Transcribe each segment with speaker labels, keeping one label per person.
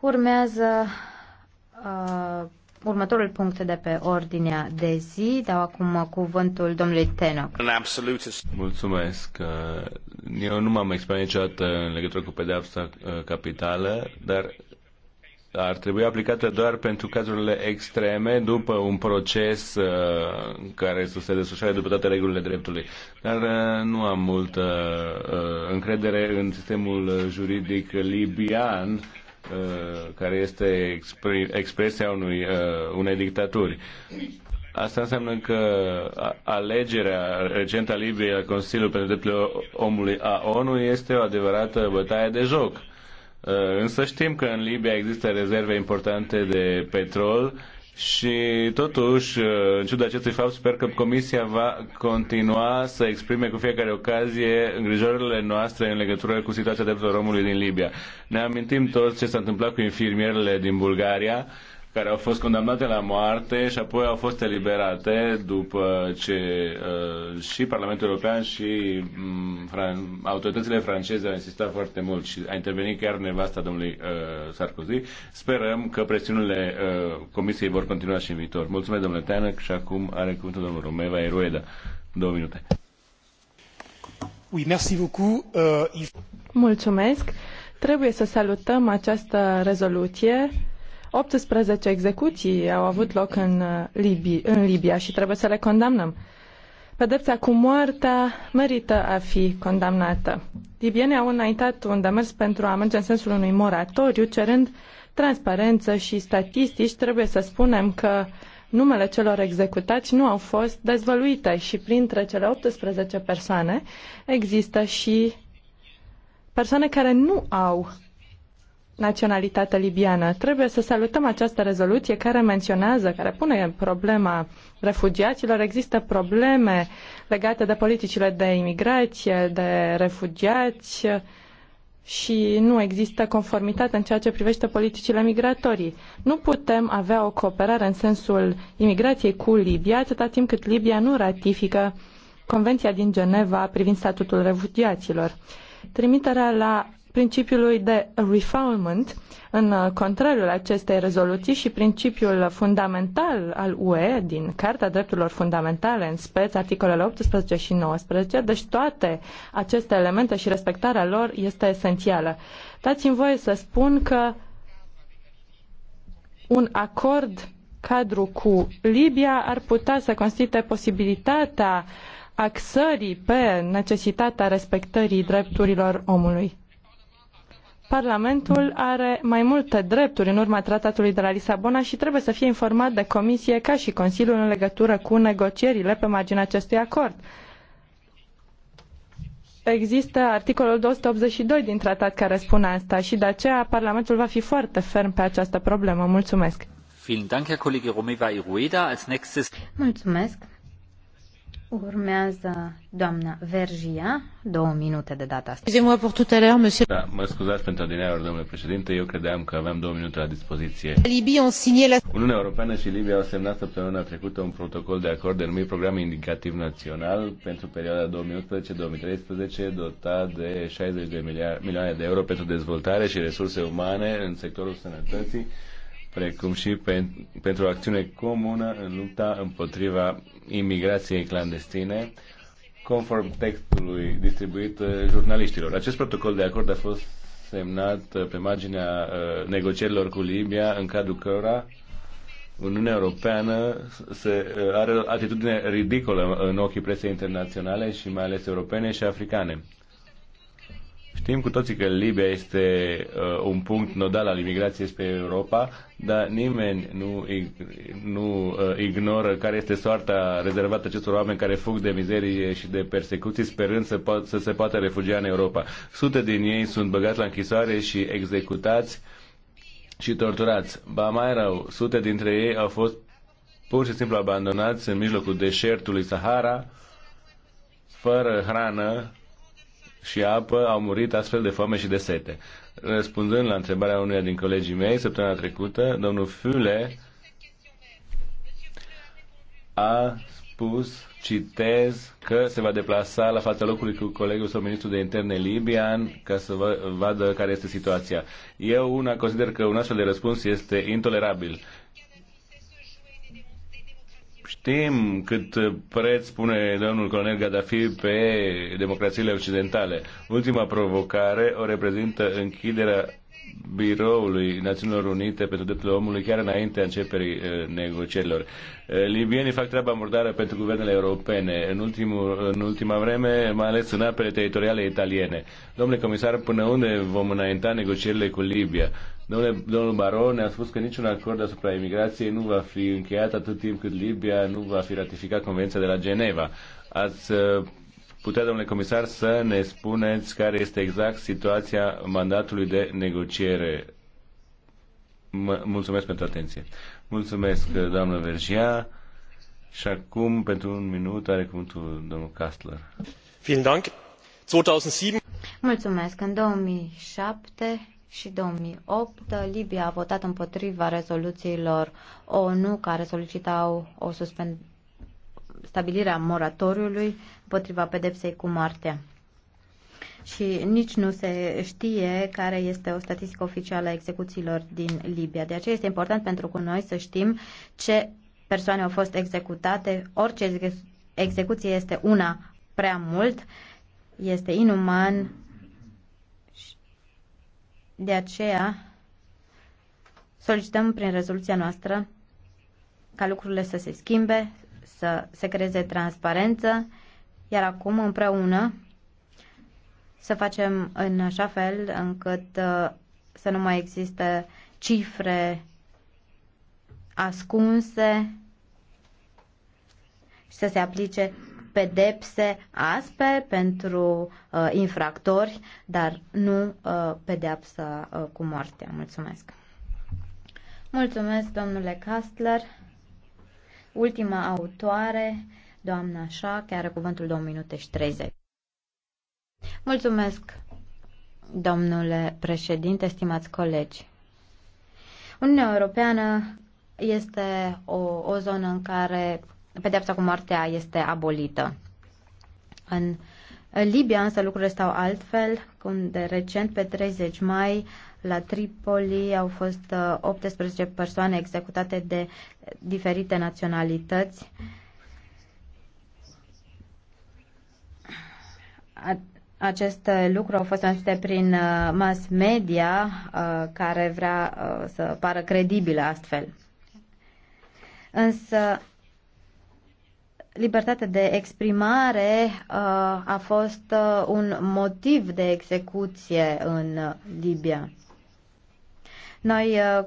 Speaker 1: Urmează uh, următorul punct de pe ordinea de zi. Dau acum cuvântul domnului Tenoc.
Speaker 2: Mulțumesc. Uh, eu nu m-am exprimat niciodată în legătură cu pedeapsa uh, capitală, dar ar trebui aplicată doar pentru cazurile extreme după un proces uh, care să se desfășoare după toate regulile dreptului. Dar uh, nu am multă uh, încredere în sistemul juridic libian uh, care este expresia unui, uh, unei dictaturi. Asta înseamnă că alegerea recentă a Libiei la Consiliul pentru Drepturile Omului a ONU este o adevărată bătaie de joc Uh, însă știm că în Libia există rezerve importante de petrol și totuși, uh, în ciuda acestui fapt, sper că Comisia va continua să exprime cu fiecare ocazie îngrijorările noastre în legătură cu situația drepturilor omului din Libia. Ne amintim toți ce s-a întâmplat cu infirmierele din Bulgaria, care au fost condamnate la moarte și apoi au fost eliberate după ce uh, și Parlamentul European și um, fran- autoritățile franceze au insistat foarte mult și a intervenit chiar nevasta domnului uh, Sarkozy. Sperăm că presiunile uh, Comisiei vor continua și în viitor. Mulțumesc, domnule Teanăc, și acum are cuvântul domnul Romeva Erueda. Două minute.
Speaker 3: Oui, merci beaucoup. Uh, Mulțumesc. Trebuie să salutăm această rezoluție 18 execuții au avut loc în, uh, Libi, în Libia și trebuie să le condamnăm. Pedepsa cu moartea merită a fi condamnată. Libienii au înaintat un demers pentru a merge în sensul unui moratoriu, cerând transparență și statistici. Trebuie să spunem că numele celor executați nu au fost dezvăluite și printre cele 18 persoane există și persoane care nu au naționalitate libiană. Trebuie să salutăm această rezoluție care menționează, care pune problema refugiaților. Există probleme legate de politicile de imigrație, de refugiați și nu există conformitate în ceea ce privește politicile migratorii. Nu putem avea o cooperare în sensul imigrației cu Libia atâta timp cât Libia nu ratifică Convenția din Geneva privind statutul refugiaților. Trimiterea la principiului de refoulement în contrariul acestei rezoluții și principiul fundamental al UE din Carta Drepturilor Fundamentale, în speț articolele 18 și 19, deci toate aceste elemente și respectarea lor este esențială. Dați-mi voie să spun că un acord cadru cu Libia ar putea să constituie posibilitatea axării pe necesitatea respectării drepturilor omului. Parlamentul are mai multe drepturi în urma tratatului de la Lisabona și trebuie să fie informat de Comisie ca și Consiliul în legătură cu negocierile pe marginea acestui acord. Există articolul 282 din tratat care spune asta și de aceea Parlamentul va fi foarte ferm pe această problemă. Mulțumesc! Mulțumesc! Urmează doamna
Speaker 1: Vergia, două minute de data asta. excusez mă pentru tout à l'heure, monsieur. Da,
Speaker 2: mă scuzați pentru adineaur, domnule președinte, eu credeam că aveam două minute la dispoziție.
Speaker 4: Libii au signé la...
Speaker 2: Uniunea Europeană și Libia au semnat săptămâna trecută un protocol de acord denumit Program Indicativ Național pentru perioada 2011-2013, dotat de 60 de milioane de euro pentru dezvoltare și resurse umane în sectorul sănătății precum și pe, pentru o acțiune comună în lupta împotriva imigrației clandestine, conform textului distribuit uh, jurnaliștilor. Acest protocol de acord a fost semnat uh, pe marginea uh, negocierilor cu Libia, în cadrul cărora Uniunea Europeană se, are o atitudine ridicolă în ochii presei internaționale și mai ales europene și africane. Știm cu toții că Libia este uh, un punct nodal al imigrației spre Europa, dar nimeni nu, nu uh, ignoră care este soarta rezervată acestor oameni care fug de mizerie și de persecuții sperând să, po- să se poată refugia în Europa. Sute din ei sunt băgați la închisoare și executați și torturați. Ba mai rău, sute dintre ei au fost pur și simplu abandonați în mijlocul deșertului Sahara, fără hrană, și apă au murit astfel de foame și de sete. Răspunzând la întrebarea unuia din colegii mei săptămâna trecută, domnul Fule a spus, citez, că se va deplasa la fața locului cu colegul său ministru de interne libian ca să vă, vadă care este situația. Eu una consider că un astfel de răspuns este intolerabil Știm cât preț pune domnul colonel Gaddafi pe democrațiile occidentale. Ultima provocare o reprezintă închiderea biroului Națiunilor Unite pentru drepturile omului chiar a începerii eh, negocierilor. Eh, libienii fac treaba murdară pentru guvernele europene în, ultimul, în ultima vreme, mai ales în apele teritoriale italiene. Domnule comisar, până unde vom înainta negocierile cu Libia? Domnule, domnul Baron ne-a spus că niciun acord asupra imigrației nu va fi încheiat atât timp cât Libia nu va fi ratificat Convenția de la Geneva. Ați eh, putea, domnule comisar, să ne spuneți care este exact situația mandatului de negociere. M- mulțumesc pentru atenție. Mulțumesc, doamnă Vergia. Și acum, pentru un minut, are cuvântul domnul Kastler. Vielen Dank. 2007.
Speaker 1: Mulțumesc. În 2007 și 2008, Libia a votat împotriva rezoluțiilor ONU care solicitau o suspendare stabilirea moratoriului împotriva pedepsei cu moartea. Și nici nu se știe care este o statistică oficială a execuțiilor din Libia. De aceea este important pentru cu noi să știm ce persoane au fost executate. Orice execuție este una prea mult, este inuman. De aceea solicităm prin rezoluția noastră ca lucrurile să se schimbe, să se creeze transparență, iar acum împreună să facem în așa fel încât uh, să nu mai existe cifre ascunse și să se aplice pedepse aspe pentru uh, infractori, dar nu uh, pedepsă uh, cu moartea. Mulțumesc! Mulțumesc, domnule Castler! Ultima autoare, doamna așa, care are cuvântul 2 minute și 30. Mulțumesc, domnule președinte, stimați colegi. Uniunea Europeană este o, o zonă în care pedepsa cu moartea este abolită. În Libia însă lucrurile stau altfel, de recent pe 30 mai la Tripoli au fost 18 uh, persoane executate de diferite naționalități. Acest lucru a fost anunțat prin uh, mass media uh, care vrea să pară credibilă astfel. Însă libertatea de exprimare uh, a fost uh, un motiv de execuție în Libia. Noi uh,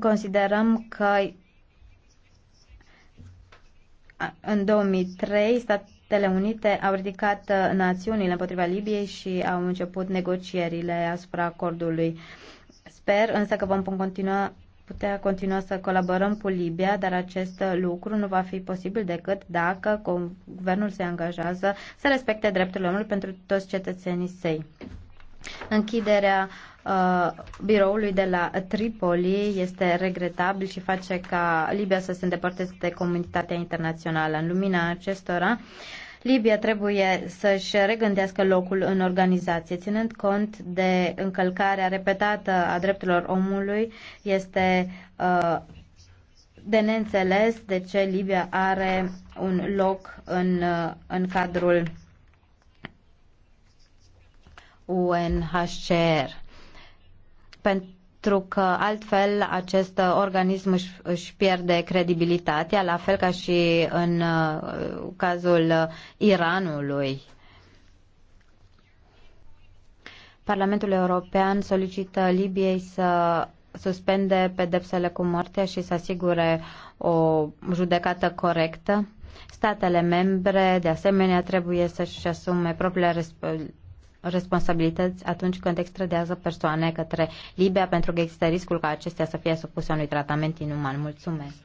Speaker 1: considerăm că în 2003 Statele Unite au ridicat națiunile împotriva Libiei și au început negocierile asupra acordului. Sper însă că vom continua putea continua să colaborăm cu Libia, dar acest lucru nu va fi posibil decât dacă guvernul se angajează să respecte drepturile omului pentru toți cetățenii săi. Închiderea uh, biroului de la Tripoli este regretabil și face ca Libia să se îndepărteze de comunitatea internațională. În lumina acestora, uh, Libia trebuie să-și regândească locul în organizație, ținând cont de încălcarea repetată a drepturilor omului, este uh, de neînțeles de ce Libia are un loc în, uh, în cadrul UNHCR. Pentru pentru că altfel acest organism își, își pierde credibilitatea, la fel ca și în uh, cazul Iranului. Parlamentul European solicită Libiei să suspende pedepsele cu moartea și să asigure o judecată corectă. Statele membre, de asemenea, trebuie să-și asume propriile responsabilități responsabilități atunci când extradează persoane către Libia pentru că există riscul ca acestea să fie supuse unui tratament inuman. Mulțumesc!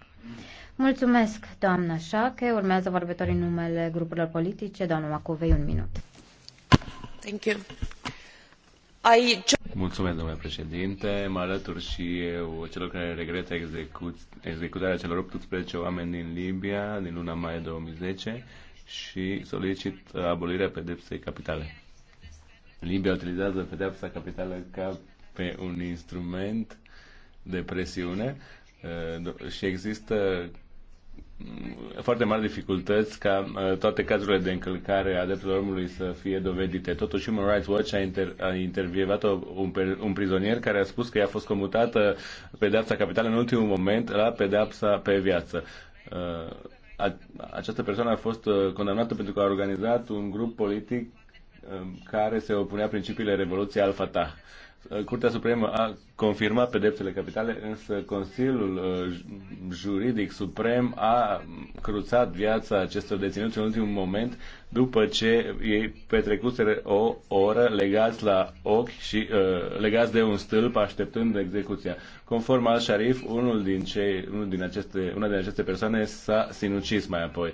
Speaker 1: Mulțumesc, doamnă Șache. Urmează vorbitorii numele grupurilor politice. Doamna Macovei, un
Speaker 2: minut.
Speaker 4: Thank you. I...
Speaker 2: Mulțumesc, domnule președinte. Mă alătur și eu celor care regretă execut, executarea celor 18 oameni din Libia din luna mai 2010 și solicit abolirea pedepsei capitale. Libia utilizează pedeapsa capitală ca pe un instrument de presiune uh, și există mm, foarte mari dificultăți ca uh, toate cazurile de încălcare a drepturilor omului să fie dovedite. Totuși, Human Rights Watch a, inter- a intervievat un, un prizonier care a spus că i-a fost comutată pedeapsa capitală în ultimul moment la pedeapsa pe viață. Uh, această persoană a fost condamnată pentru că a organizat un grup politic Um, care se opunea principiile Revoluției al Fatah. Uh, Curtea Supremă a confirmat pedepsele capitale, însă Consiliul uh, Juridic Suprem a cruțat viața acestor deținuți în ultimul moment după ce ei petrecuseră o oră legați la ochi și uh, legați de un stâlp așteptând execuția. Conform al Sharif, unul din cei, unul din aceste, una din aceste persoane s-a sinucis mai apoi.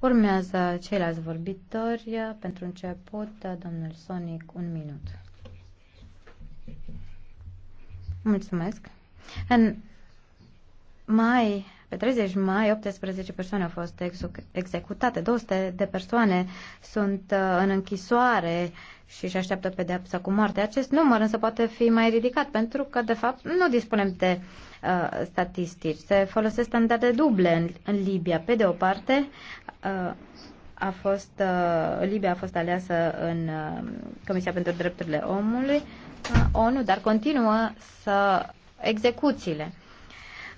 Speaker 1: Urmează ceilalți vorbitori. Pentru început, domnul Sonic, un minut. Mulțumesc. În mai pe 30 mai, 18 persoane au fost executate, 200 de persoane sunt uh, în închisoare și își așteaptă pedeapsa cu moarte. Acest număr însă poate fi mai ridicat pentru că, de fapt, nu dispunem de uh, statistici. Se folosesc standarde duble în, în Libia. Pe de o parte, uh, a fost, uh, Libia a fost aleasă în uh, Comisia pentru Drepturile Omului, uh, ONU, dar continuă să execuțiile.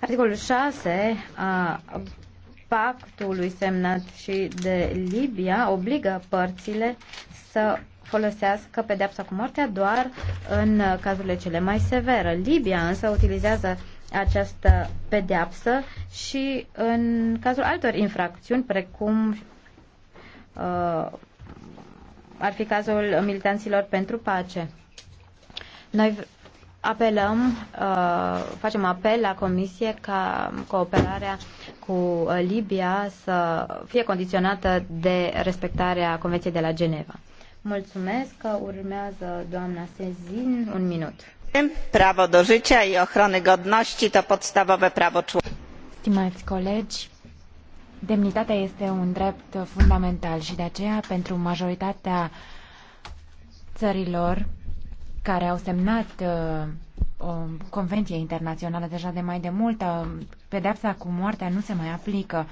Speaker 1: Articolul 6 a pactului semnat și de Libia obligă părțile să folosească pedepsa cu moartea doar în cazurile cele mai severe. Libia însă utilizează această pedeapsă și în cazul altor infracțiuni, precum uh, ar fi cazul militanților pentru pace. Noi apelăm, uh, facem apel la Comisie ca cooperarea cu uh, Libia să fie condiționată de respectarea Convenției de la Geneva. Mulțumesc că uh, urmează doamna Sezin un minut.
Speaker 5: Prawo do życia i ochrony godności to podstawowe prawo człowieka.
Speaker 6: Stimați colegi, demnitatea este un drept fundamental și de aceea pentru majoritatea țărilor care au semnat uh, o convenție internațională deja de mai de mult, uh, pedepsa cu moartea nu se mai aplică.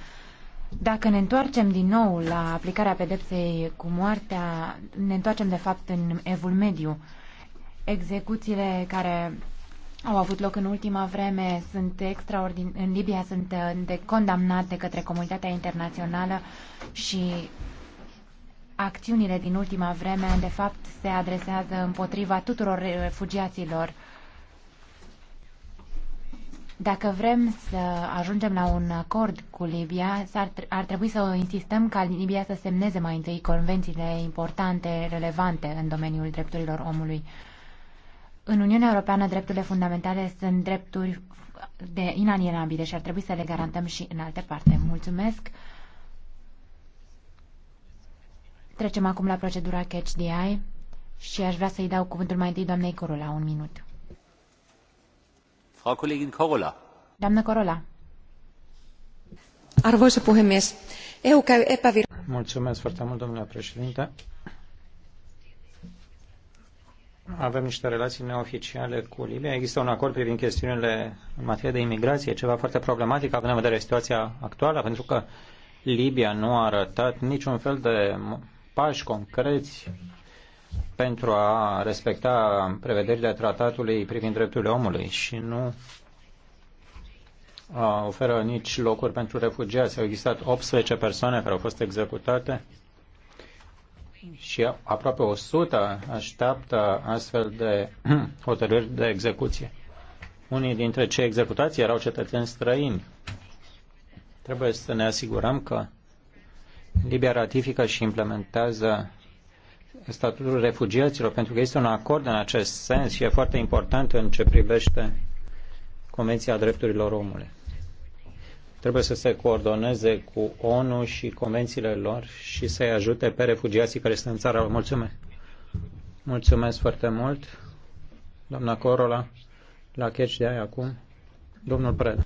Speaker 6: Dacă ne întoarcem din nou la aplicarea pedepsei cu moartea, ne întoarcem de fapt în evul mediu. Execuțiile care au avut loc în ultima vreme sunt extraordinare. în Libia sunt uh, de condamnate către comunitatea internațională și acțiunile din ultima vreme, de fapt, se adresează împotriva tuturor refugiaților. Dacă vrem să ajungem la un acord cu Libia, ar, ar trebui să insistăm ca Libia să semneze mai întâi convențiile importante, relevante în domeniul drepturilor omului. În Uniunea Europeană, drepturile fundamentale sunt drepturi de inalienabile și ar trebui să le garantăm și în alte parte. Mulțumesc! Trecem acum la procedura Catch the Eye și aș vrea să-i dau cuvântul mai întâi doamnei Corola, un minut.
Speaker 7: Frau Kollegin Corola.
Speaker 6: Doamnă Corola. Arvoisa puhemies, EU käy epävir...
Speaker 7: Mulțumesc foarte mult, domnule președinte. Avem niște relații neoficiale cu Libia. Există un acord privind chestiunile în materie de imigrație, ceva foarte problematic, având în vedere situația actuală, pentru că Libia nu a arătat niciun fel de pași concreți pentru a respecta prevederile tratatului privind drepturile omului și nu oferă nici locuri pentru refugiați. Au existat 18 persoane care au fost executate și aproape 100 așteaptă astfel de hotărâri de execuție. Unii dintre cei executați erau cetățeni străini. Trebuie să ne asigurăm că Libia ratifică și implementează statutul refugiaților, pentru că este un acord în acest sens și e foarte important în ce privește Convenția Drepturilor Omului. Trebuie să se coordoneze cu ONU și convențiile lor și să-i ajute pe refugiații care sunt în țara. Mulțumesc! Mulțumesc foarte mult, doamna Corola,
Speaker 8: la catch de aia acum, domnul Preda.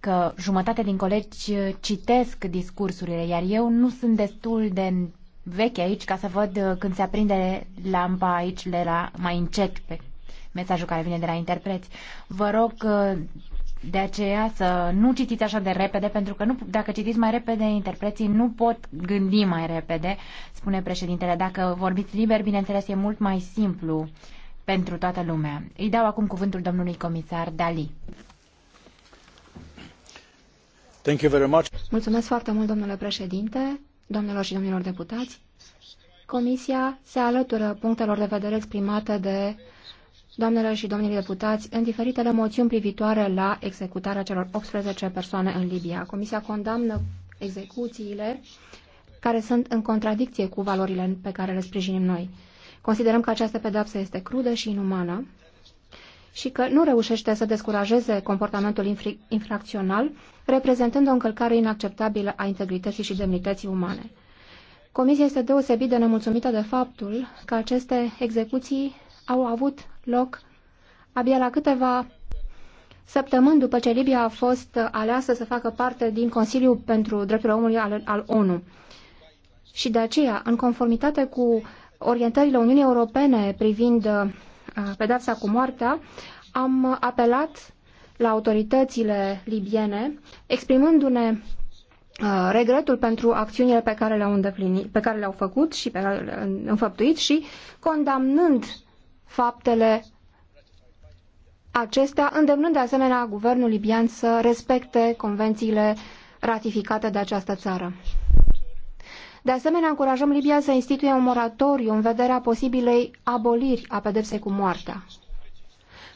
Speaker 6: că jumătate din colegi uh, citesc discursurile, iar eu nu sunt destul de vechi aici ca să văd uh, când se aprinde lampa aici de la mai încet pe mesajul care vine de la interpreți. Vă rog uh, de aceea să nu citiți așa de repede, pentru că nu, dacă citiți mai repede, interpreții nu pot gândi mai repede, spune președintele. Dacă vorbiți liber, bineînțeles, e mult mai simplu pentru toată lumea. Îi dau acum cuvântul domnului comisar Dali. Mulțumesc
Speaker 5: foarte mult, domnule președinte, domnilor și domnilor deputați. Comisia se alătură punctelor de vedere exprimate de doamnele și domnilor deputați în diferitele moțiuni privitoare la executarea celor 18 persoane în Libia. Comisia condamnă execuțiile care sunt în contradicție cu valorile pe care le sprijinim noi. Considerăm că această pedapsă este crudă și inumană și că nu reușește să descurajeze comportamentul infracțional, reprezentând o încălcare inacceptabilă a integrității și demnității umane. Comisia este deosebit de nemulțumită de faptul că aceste execuții au avut loc abia la câteva săptămâni după ce Libia a fost aleasă să facă parte din Consiliul pentru Drepturile Omului al, al ONU. Și de aceea, în conformitate cu orientările Uniunii Europene privind pedepsa cu moartea, am apelat la autoritățile libiene, exprimându-ne regretul pentru acțiunile pe care le-au îndeplinit, pe care le-au făcut și pe care le-au înfăptuit și condamnând faptele acestea, îndemnând de asemenea guvernul libian să respecte convențiile ratificate de această țară. De asemenea, încurajăm Libia să instituie un moratoriu în vederea posibilei aboliri a pedepsei cu moartea.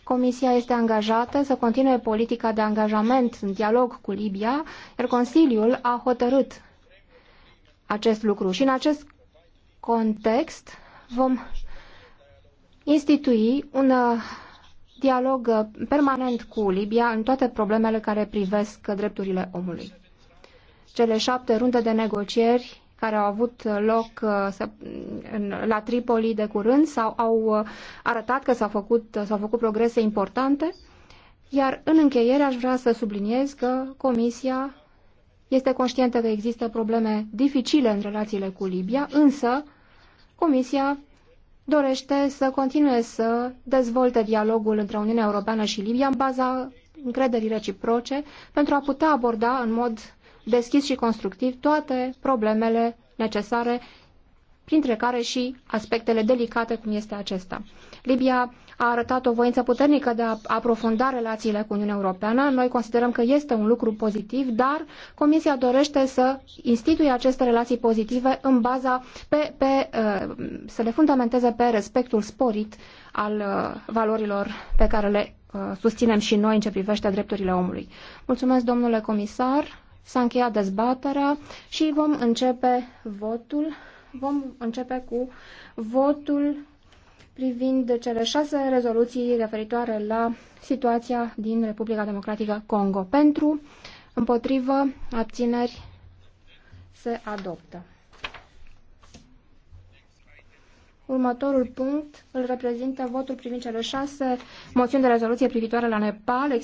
Speaker 5: Comisia este angajată să continue politica de angajament în dialog cu Libia, iar Consiliul a hotărât acest lucru. Și în acest context vom institui un uh, dialog uh, permanent cu Libia în toate problemele care privesc drepturile omului. Cele șapte runde de negocieri care au avut loc uh, la Tripoli de curând sau au uh, arătat că s-au făcut, uh, s-au făcut progrese importante. Iar în încheiere aș vrea să subliniez că Comisia este conștientă că există probleme dificile în relațiile cu Libia, însă Comisia dorește să continue să dezvolte dialogul între Uniunea Europeană și Libia în baza încrederii reciproce pentru a putea aborda în mod deschis și constructiv toate problemele necesare, printre care și aspectele delicate cum este acesta. Libia a arătat o voință puternică de a aprofunda relațiile cu Uniunea Europeană. Noi considerăm că este un lucru pozitiv, dar Comisia dorește să instituie aceste relații pozitive în baza pe, pe, uh, să le fundamenteze pe respectul sporit al uh, valorilor pe care le uh, susținem și noi în ce privește drepturile omului. Mulțumesc, domnule comisar. S-a încheiat dezbaterea și vom începe votul. Vom începe cu votul privind cele șase rezoluții referitoare la situația din Republica Democratică Congo. Pentru, împotrivă, abțineri se adoptă. Următorul punct îl reprezintă votul privind cele șase
Speaker 4: moțiuni de rezoluție privitoare la Nepal.